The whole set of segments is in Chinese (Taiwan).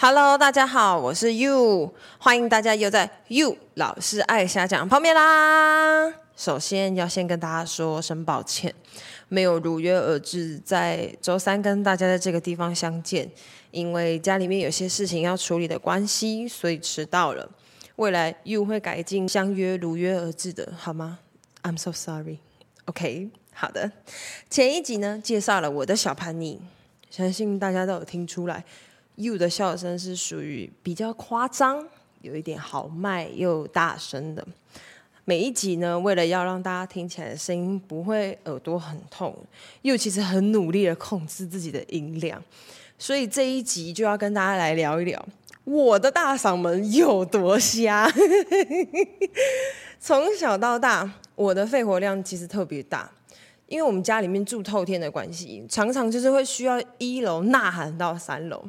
Hello，大家好，我是 Yu，歡迎大家又在 Yu 老師愛瞎講泡麵啦。首先要先跟大家說聲抱歉，沒有如約而至，在周三跟大家在這個地方相見，因為家裡面有些事情要處理的關係，所以遲到了。未來 Yu 會改進，相約如約而至的，好嗎？I'm so sorry。OK，好的。前一集呢，介紹了我的小叛逆，相信大家都有聽出來。You 的笑聲是屬於比較誇張，有一點豪邁又大聲的。每一集呢，為了要讓大家聽起來的聲音不會耳朵很痛，又其實很努力的控制自己的音量。所以這一集就要跟大家來聊一聊，我的大嗓門有多瞎。從 小到大，我的肺活量其實特別大。因為我們家裡面住透天的關係，常常就是會需要一樓吶喊到三樓，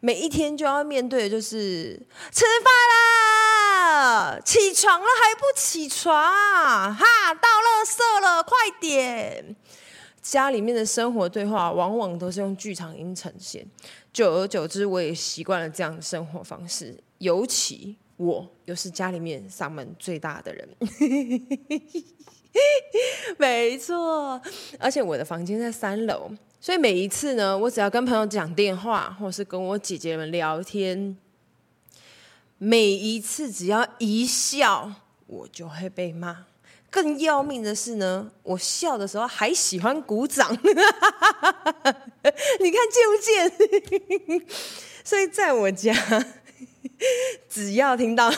每一天就要面對的就是吃飯啦、起床了還不起床啊！哈，倒垃圾了，快點！家裡面的生活對話往往都是用劇場音呈現，久而久之，我也習慣了這樣的生活方式，尤其。我又是家裡面嗓門最大的人， 沒錯。而且我的房間在三樓，所以每一次呢，我只要跟朋友講電話，或是跟我姐姐們聊天，每一次只要一笑，我就會被罵。更要命的是呢，我笑的時候還喜歡鼓掌， 你看見不見？ 所以在我家。 只要聽到，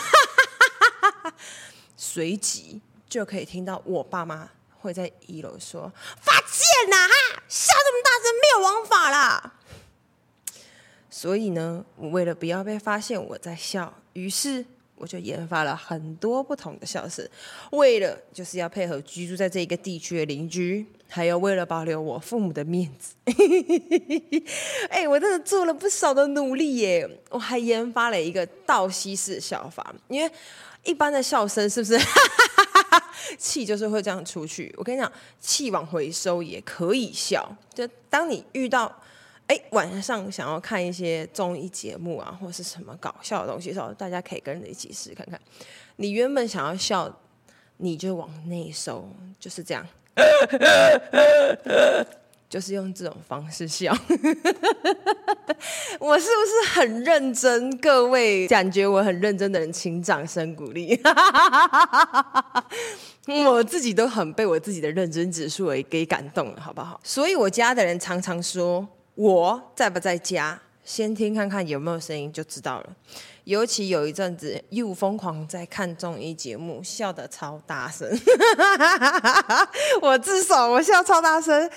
隨即就可以聽到我爸媽會在一樓說發、啊：“發賤啊，笑這麼大聲，沒有王法啦 所以呢，我為了不要被發現我在笑，於是。我就研發了很多不同的笑聲，為了就是要配合居住在這一個地區的鄰居，還有為了保留我父母的面子、 欸。我真的做了不少的努力耶！我還研發了一個倒吸式笑法，因為一般的笑聲是不是氣 就是會這樣出去？我跟你講，氣往回收也可以笑，就當你遇到。哎，晚上想要看一些綜藝節目啊，或是什麼搞笑的東西的時候，大家可以跟着一起試看看。你原本想要笑，你就往內收，就是這樣， 就是用這種方式笑。 我是不是很認真？各位感覺我很認真的人，請掌聲鼓勵。 我自己都很被我自己的認真指數給給感動了，好不好？所以我家的人常常說。我在不在家？先聽看看有沒有聲音就知道了。尤其有一陣子，又瘋狂在看綜藝節目，笑得超大聲。 我自首，我笑超大聲。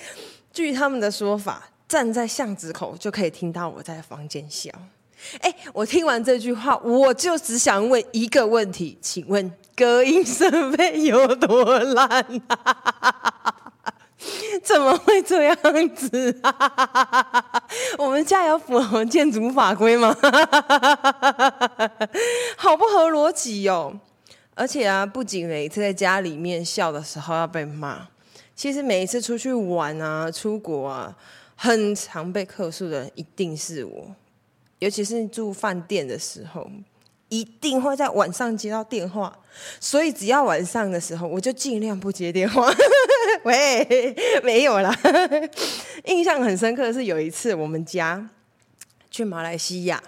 據他們的說法，站在巷子口就可以聽到我在房間笑。欸，我聽完這句話，我就只想問一個問題：請問隔音設備有多爛啊？怎麼會這樣子啊？我們家有符合建築法規嗎？好不合邏輯哦！而且啊，不僅每一次在家裡面笑的時候要被罵，其實每一次出去玩啊、出國啊，很常被客訴的人一定是我，尤其是住飯店的時候。一定會在晚上接到電話，所以只要晚上的時候，我就盡量不接電話。 喂，沒有啦， 印象很深刻的是，有一次我們家去馬來西亞，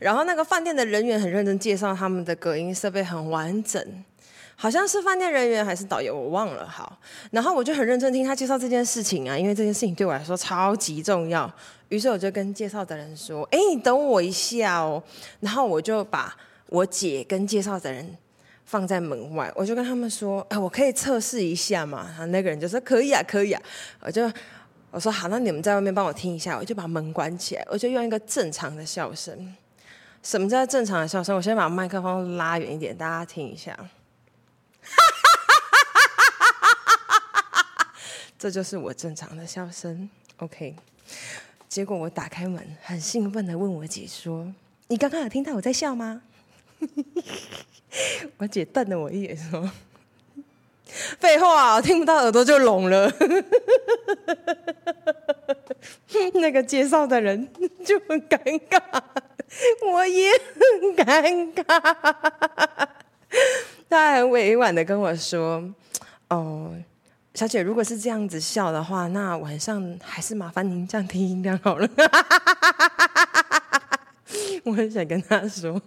然後那個飯店的人員很認真介紹他們的隔音設備很完整。好像是飯店人員還是導遊，我忘了。好，然後我就很認真聽他介紹這件事情啊，因為這件事情對我來說超級重要。於是我就跟介紹的人說：“哎、欸，你等我一下哦。”然後我就把我姐跟介紹的人放在門外，我就跟他們說：“哎、欸，我可以測試一下嘛？”然後那個人就說：“可以啊，可以啊。”我就我說：“好，那你們在外面幫我聽一下。”我就把門關起來，我就用一個正常的笑聲。什麼叫正常的笑聲？我先把麥克風拉遠一點，大家聽一下。這就是我正常的笑聲，OK。結果我打開門，很興奮的問我姐說：“你剛剛有聽到我在笑嗎？” 我姐瞪了我一眼說：“廢話，我聽不到耳朵就聾了。 ” 那個介紹的人就很尷尬，我也很尷尬。 他很委婉的跟我說：“哦。”小姐，如果是這樣子笑的話，那晚上還是麻煩您降低音量好了。哈哈哈，我很想跟他說。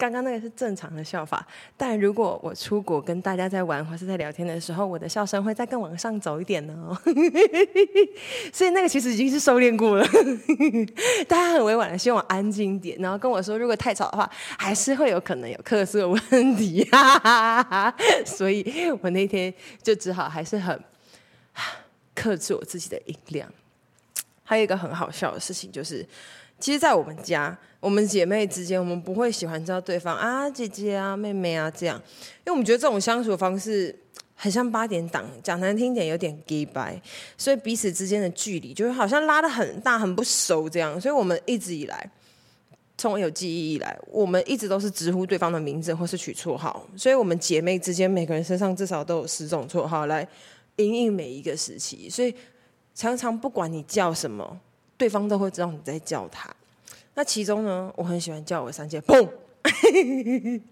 剛剛那個是正常的笑法，但如果我出國跟大家在玩或者是在聊天的時候，我的笑聲會再更往上走一點呢、哦。 所以那個其實已經是收斂過了。 大家很委婉的希望我安靜一點，然後跟我說如果太吵的話，還是會有可能有客訴的問題、啊。 所以我那天就只好還是很、啊、克制我自己的音量。還有一個很好笑的事情就是。其實，在我們家，我們姐妹之間，我們不會喜歡叫對方啊姐姐啊、妹妹啊這樣，因為我們覺得這種相處方式很像八點檔，講難聽點有點 gay 掰，所以彼此之間的距離就是好像拉得很大，很不熟這樣。所以我們一直以來，從我有記憶以來，我們一直都是直呼對方的名字，或是取綽號。所以我們姐妹之間，每個人身上至少都有十種綽號，來因應每一個時期。所以常常不管你叫什麼。對方都會知道你在叫他。那其中呢，我很喜歡叫我三姐，砰，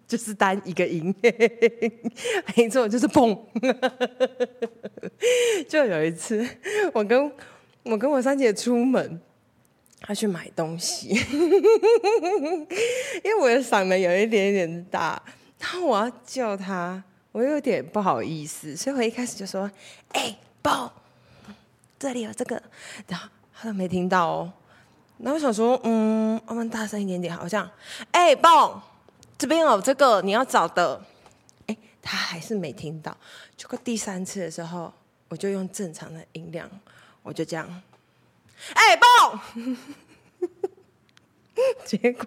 就是單一個音，沒錯，就是砰。 就有一次，我跟我跟我三姐出門，她去買東西， 因為我的嗓門有一點點大，然後我要叫她，我又有點不好意思，所以我一開始就說：“哎、欸，包，這裡有這個。”然後。他沒聽到哦，那我想說，嗯，我們大聲一點點，好像，哎，寶，這邊、欸、有這個你要找的，哎，他還是沒聽到。結果第三次的時候，我就用正常的音量，我就這樣，哎，寶。結果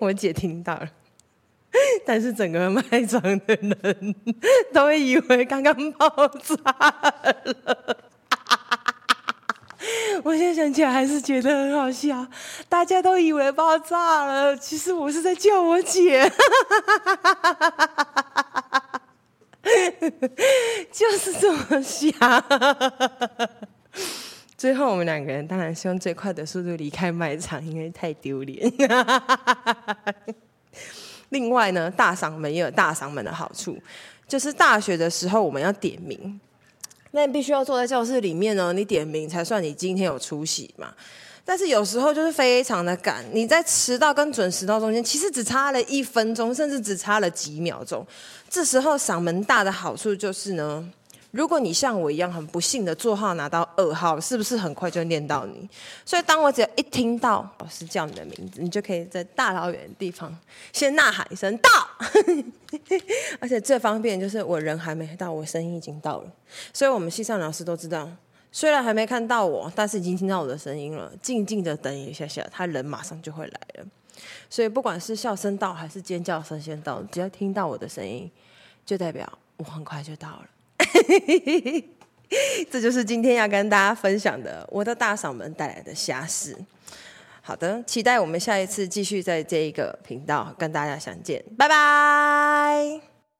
我姐聽到了，但是整個賣場的人都會以為剛剛爆炸了。我現在想起來還是覺得很好笑，大家都以為爆炸了，其實我是在叫我姐， 就是這麼想。最後我們兩個人當然是用最快的速度離開賣場，因為太丟臉。 另外呢，大嗓門也有大嗓門的好處，就是大學的時候我們要點名。那你必須要坐在教室裡面呢，你點名才算你今天有出席嘛。但是有時候就是非常的趕，你在遲到跟準時到中間，其實只差了一分鐘，甚至只差了幾秒鐘。這時候嗓門大的好處就是呢。如果你像我一樣很不幸的座號拿到二號，是不是很快就念到你？所以當我只要一聽到老師叫你的名字，你就可以在大老遠的地方先吶喊一聲到， 而且最方便就是我人還沒到，我聲音已經到了。所以我們系上老師都知道，雖然還沒看到我，但是已經聽到我的聲音了，靜靜的等一下下，他人馬上就會來了。所以不管是笑聲到還是尖叫聲先到，只要聽到我的聲音，就代表我很快就到了。 這就是今天要跟大家分享的，我的大嗓門帶來的瞎事。好的，期待我們下一次繼續在這一個頻道跟大家相見。拜拜。